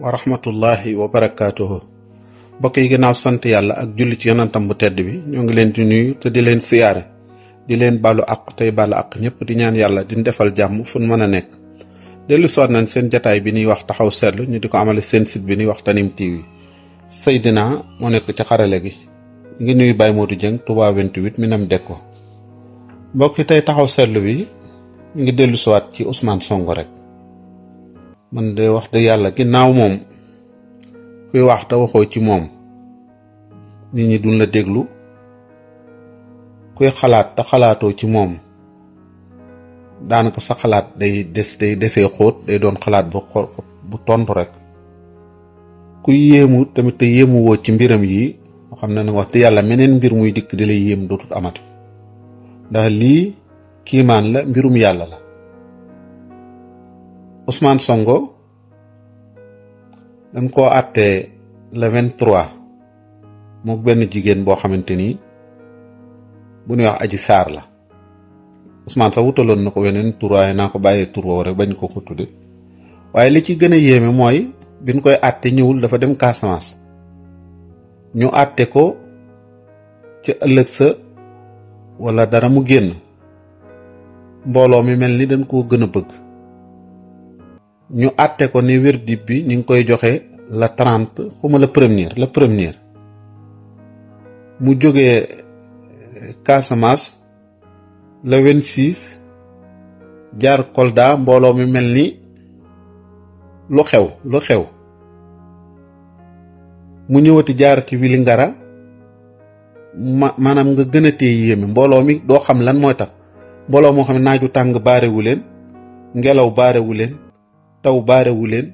wa rahmatullahi wa barakaatuhu mbokk yi ginnaaw sant yàlla ak julli ci yonantam bu tedd bi ñoo ngi leen di nuyu te di leen siyaare di leen baalu àq tey baalu àq ñëpp di ñaan yàlla di defal jàmm fu mën a nekk. dellu soot nañ seen jataay bi ñuy wax taxaw seetlu ñu di ko amale seen site bi ñuy wax yi TV Seydina moo nekk ci xarale gi ngi nuyu Baye Modou Dieng Touba 28 Minam Dekko mbokk yi tey taxaw seetlu bi ngi dellu siwaat ci Ousmane Sonko rek. man de wax dëgg yàlla ginnaaw moom kuy wax te waxoo ci moom nit ñi duñ la déglu kuy xalaat te xalaatoo ci moom daanaka sa xalaat day des day desee xóot day doon xalaat bu bu tontu rek kuy yéemu tamit te yéemu ci mbiram yi nga xam ne nag yàlla meneen mbir muy dikk di la yéem dootul amati ndax lii kiimaan la mbirum yàlla la Ousmane songo dañ koo àtte le vingt trois mu benn jigéen boo xamante ni bu ñuy wax aji saar la Ousmane sax wutaloon na ko weneen tur waaye naa ko bàyyee tur boobu rek bañ koo ko tudde waaye li ci gën a yéeme mooy biñ koy àtte ñëwul dafa dem Casamance ñu àtte ko ci ëllëg sa wala dara mu génn mbooloo mi mel ni dañ koo gën a bëgg ñu àtte ko ni verdib bi ñu ngi koy joxe la trente xuma la première la première mu jógee euh, Casamance le vingt six jaar Kolda mbooloo mi mel ni lu xew lu xew mu ñëwati jaar ci Vélingara ma maanaam nga gën a téye yéeme mbooloo mi doo xam lan mooy tax mbooloo moo xam ne naaju tàng baarewu leen ngelaw baarewu leen taw baarewu leen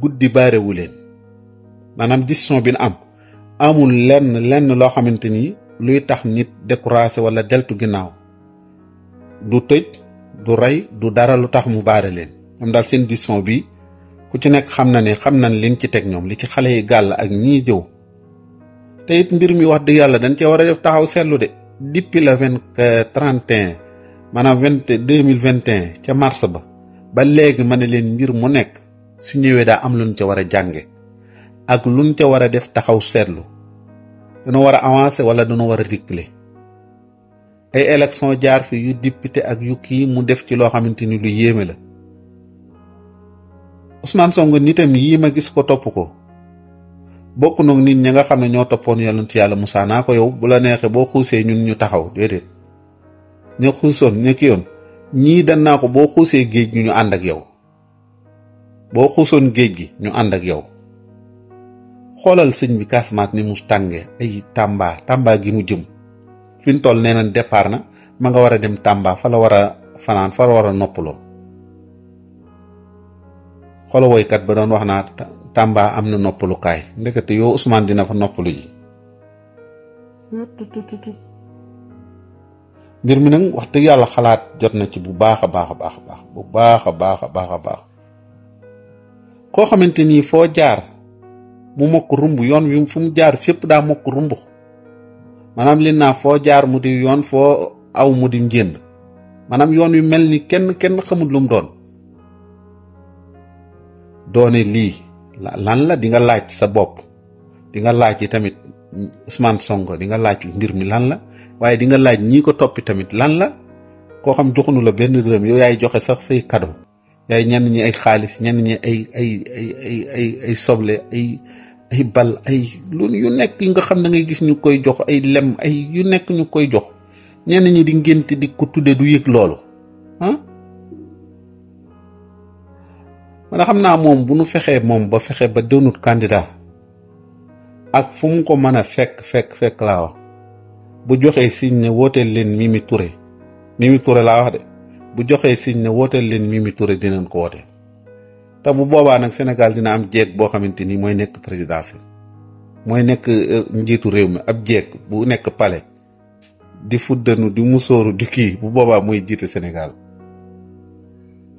guddi baarewu leen maanaam décision bi na am amul lenn lenn loo xamante ni luy tax nit découragé wala deltu ginnaaw du tëj du rey du dara lu tax mu baare leen ñoom daal seen décision bi ku ci nekk xam na ne xam nañ liñ ci teg ñoom li ci xale yi gàll ak ñii jëw te it mbir mi wax dëgg yàlla dañ cee war a def taxaw seetlu de depuis le vingt trente et maanaam vingt deux mille vingt et ca mars ba ba léegi ma ne leen mbir mu nekk su ñëwee daa am luñ ca war a jànge ak luñ ca war a def taxaw seetlu dañu war a avancer wala dañu war a dikkile ay élection jaar fi yu député ak yu kii mu def ci loo xamante ni lu yéeme la Ousmane Sonko nitam yii ma gis ko topp ko bokk nag nit ñi nga xam ne ñoo toppoon ci yàlla Musaa naa ko yow bu la neexee boo xuusee ñun ñu taxaw déedéet ñu xuusoon ñu kiyoon ñii dannaa ko boo xuusee géej gi ñu ànd ak yow boo xuusoon géej gi ñu ànd ak yow xoolal sëñ bi Casamance ni mu tàngee ay Tamba Tamba gi mu jëm fi mu toll nee na départ na ma nga war a dem Tamba fa la war a fanaan fa la war a noppaloo xoola woykat ba doon wax naa Tamba am na noppalukaay ndekete yoo Ousmane dina fa noppalu ji. mbir mi nag wax dëgg yàlla xalaat jot na ci bu baax a baax a baax a baax bu baax a baax a baax a baax koo xamante nii foo jaar mu mokk rumb yoon wi fu mu jaar fépp daa mokk rumb maanaam li naa foo jaar mu di yoon foo aw mu di njënd maanaam yoon wi mel ni kenn kenn xamul lu mu doon doone lii lan la di nga laaj sa bopp di nga laaj yi tamit Ousmane Sonko di nga laaj mbir mi lan la waaye di nga laaj ñii ko toppi tamit lan la koo xam joxunu la benn dërëm yow yaay joxe sax say cadeau yaay ñenn ñi ay xaalis ñenn ñi ay ay ay soble ay ay bal ay lu yu nekk yu nga xam da ngay gis ñu koy jox ay lem ay yu nekk ñu koy jox ñenn ñi di ngénte di ko tudde du yëg loolu ah xam naa moom bu nu fexee moom ba fexe ba doonut candidat ak fu mu ko mën a fekk fekk fekk laa wax bu joxee siñ ne wooteel leen Mimi Touré Mimi Touré laa wax de bu joxee siñ ne wooteel leen mii Mimi Touré dinañ ko woote te bu boobaa nag Sénégal dina am jéeg boo xamante ni mooy nekk présidence mooy nekk euh, njiitu réew mi ab jéeg bu nekk pale di fuddanu di musóoru di kii bu boobaa mooy jiite Sénégal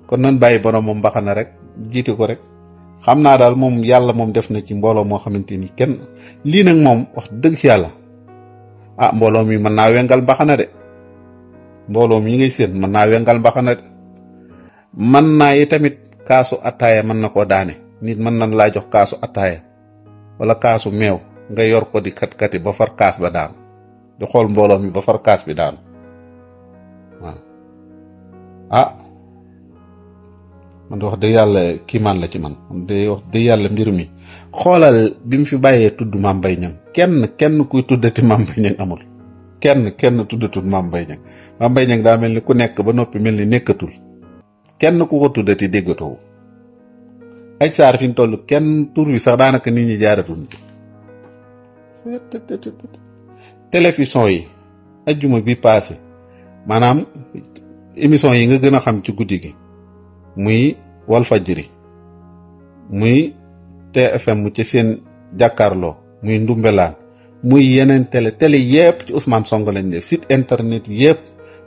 kon nan bàyyi boroomam mbaxana rek jiite ko rek xam naa daal moom yàlla moom def na ci mbooloo moo xamante ni kenn lii nag moom wax dëgg yàlla ah mbooloo mi mën naa wengal mbaxana de mbooloo mi ngay séen mën naa wengal mbaxana de mën naa yi tamit kaasu attaaya mën na koo daane nit mën nan laa jox kaasu attaaya wala kaasu meew nga yor ko di kat-kati ba far kaas ba daanu di xool mbooloo mi ba far kaas bi daanu waaw ah man de wax dëgg yàlla kiimaan la ci man man de wax dëgg yàlla mbir mi xoolal bi mu fi bàyyee tudd maam bay Niang kenn kenn kuy tuddati Mame Mbaye Niang amul kenn kenn tuddatul Mame Mbaye Niang Mame daa mel ni ku nekk ba noppi mel ni nekkatul kenn ku ko tuddati déggatoo aj saar fi ñu toll kenn tur sax daanaka nit ñi jaaratuñ télévision yi ajjuma bi passé maanaam émission yi nga gën a xam ci guddi gi muy Walfajiri muy TFM ci seen jàkkaarloo muy ndumbelaan muy yeneen télé tele yëpp ci Ousmane songo lañ def site internet yëpp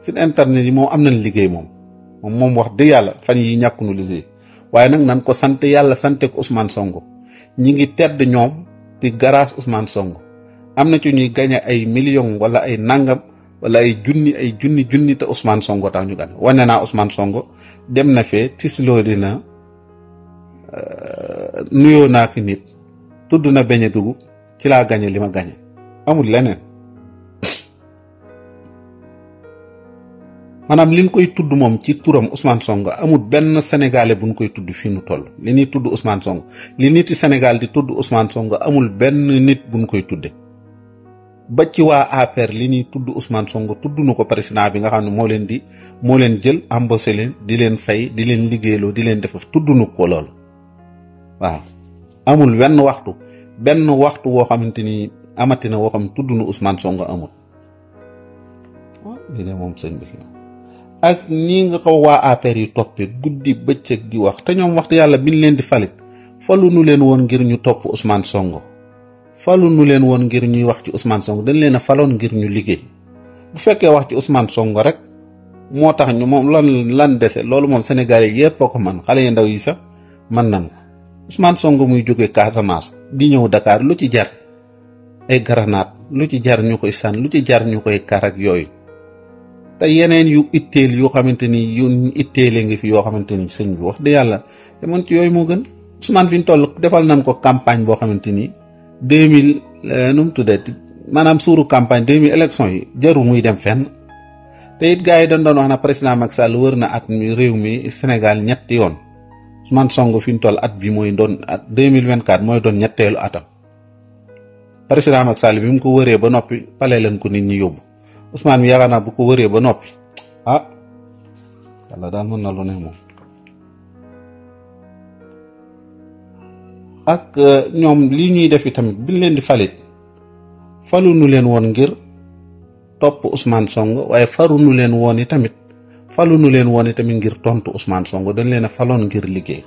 site internet yi moom am nañ liggéey moom moom moom wax dëgg yàlla fan yi ñàkkunu liggéey waaye nag nan ko sant yàlla sante ko Ousmane Sonko ñi ngi tedd ñoom di grâce Ousmane Sonko am na ci ñuy gañe ay million wala ay nangam wala ay junni ay junni junni te Ousmane Sonko tax ñu gan wane naa Ousmane songo dem na fee tisloo dina euh, nuyoo naa ki nit tudd na beñe dugub ci laa gañe li ma gañe amul leneen maanaam liñ koy tudd moom ci turam Ousmane Sonko amul benn bu buñ koy tudd fii nu toll li ñuy tudd Ousmane Sonko li niti Sénégal di tudd Ousmane Sonko amul benn nit buñ koy tudde ba ci waa APR li ñuy tudd Ousmane Sonko tudd ko président bi nga xam ne moo leen di moo leen jël embauché leen di leen fay di leen liggéeyloo di leen defaf tudd nu ko loolu waaw amul wenn waxtu benn waxtu woo xamante ni amati na woo xam ne tudd na Ousmane Sonko amul oh. lii moom sëñ bi ak ñi nga ko waa APR yu toppee guddi bëccëg di wax te ñoom waxtu yàlla biñ leen di falit falu nu leen woon ngir ñu topp usmaan songo falu nu leen woon ngir ñuy wax ci Ousmane Sonko dañ leen a faloon ngir ñu liggéey bu fekkee wax ci Ousmane songo rek moo tax ñu moom lan lan dese loolu moom Sénégalais yépp ko man xale yu ndaw yi sax mën nan Ousmane songo muy jóge Casamance di ñëw dakaar lu ci jar ay garanaat lu ci jar ñu koy san lu ci jar ñu koy kar ak yooyu te yeneen yu itteel yoo xamante ni yu itteele ngi fi yoo xamante ni sëñ bi wax de yàlla demoon ci yooyu moo gën Ousmane fi ñu toll defal nañ ko campagne boo xamante ni deux mille euh, nu mu tuddee maanaam suuru campagne deux mille élection yi jarul muy dem fenn te it gars yi dañ doon wax na président Macky Sall wër na at mi réew mi Sénégal ñetti yoon. Ousmane song fi ñu toll at bi mooy doon at deux mille vingt quatre mooy doon ñetteelu atam président Macky Sall bi mu ko wëree ba noppi pale leen ko nit ñi yóbbu Ousmane mi yaakaar naa bu ko wëree ba noppi ah yàlla daal mën na lu ne moom. ak euh, ñoom li ñuy def tamit biñ leen di falit faluñu leen woon ngir topp Ousmane Sonko waaye faruñu leen woon i tamit falu nu leen wone tamit ngir tontu Ousmane Sonko dañ leen a faloon ngir liggéey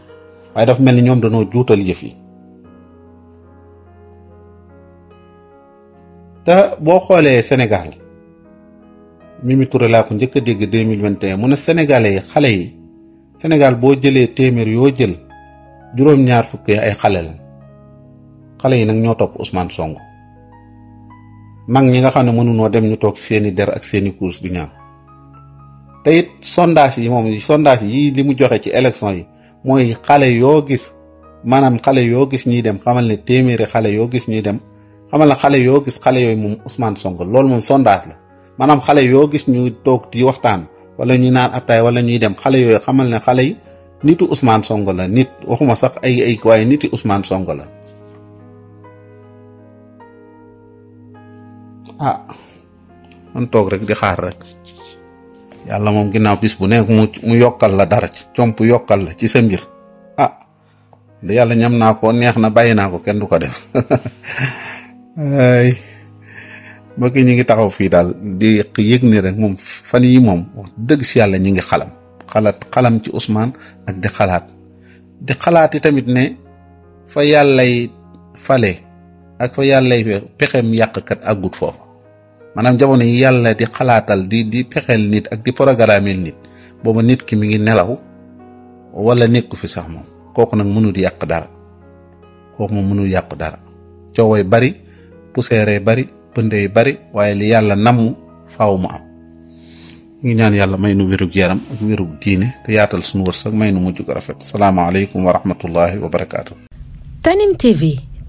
waaye dafa mel ni ñoom dañoo juutal yëf yi te boo xoolee Sénégal Mimi Touré laa ko njëkk a dégg deux mille vingt et un mu ne yi xale yi Sénégal boo jëlee téeméer yoo jël juróom-ñaar fukk yi ay xale la xale yi nag ñoo topp Ousmane Sonko mag ñi nga xam ne mënunoo dem ñu toog seeni der ak seeni kuus du te it yi moom sondage yi li mu joxe ci élection yi mooy xale yoo gis maanaam xale yoo gis ñuy dem xamal ne téeméeri xale yoo gis ñuy dem xamal ne xale yoo gis xale yooyu moom Ousmane Sonko loolu moom sondage la maanaam xale yoo gis ñuy toog di waxtaan wala ñuy naan attaay wala ñuy dem xale yooyu xamal ne xale yi nitu Ousmane Sonko la nit waxuma sax ay ay waaye niti Ousmane Sonko la ah man toog rek di xaar rek yàlla moom ginnaaw bis bu nekk mu mu yokkal la dara ci comp yokkal la ci sa mbir a ah, da yàlla ñam naa ko neex na bàyyi naa ko kenn du ko def ay mbokk ñi ngi taxaw fii daal di yëg ni rek moom fan yi moom dëgg si yàlla ñu ngi xalam xalaat xalam ci usmaan ak di xalaat di xalaati tamit ne fa yàllay fale ak fa yàllay pexem yàqkat àggut foofu maanaam jamono yi yàlla di xalaatal di di pexeel nit ak di programmeel nit booba nit ki mu ngi nelaw wala nekku fi sax moom kooku nag mënul yàq dara kooku moom mënul yàq dara cooway bari puseere bari pënde yi bari waaye li yàlla namm faaw mu am ñu ñaan yàlla may nu wérug yaram ak wérug diine te yaatal suñu wërsëg may nu mujj ko rafet salaamaaleykum wa rahmatullahi wa barakaatu. Tanim TV.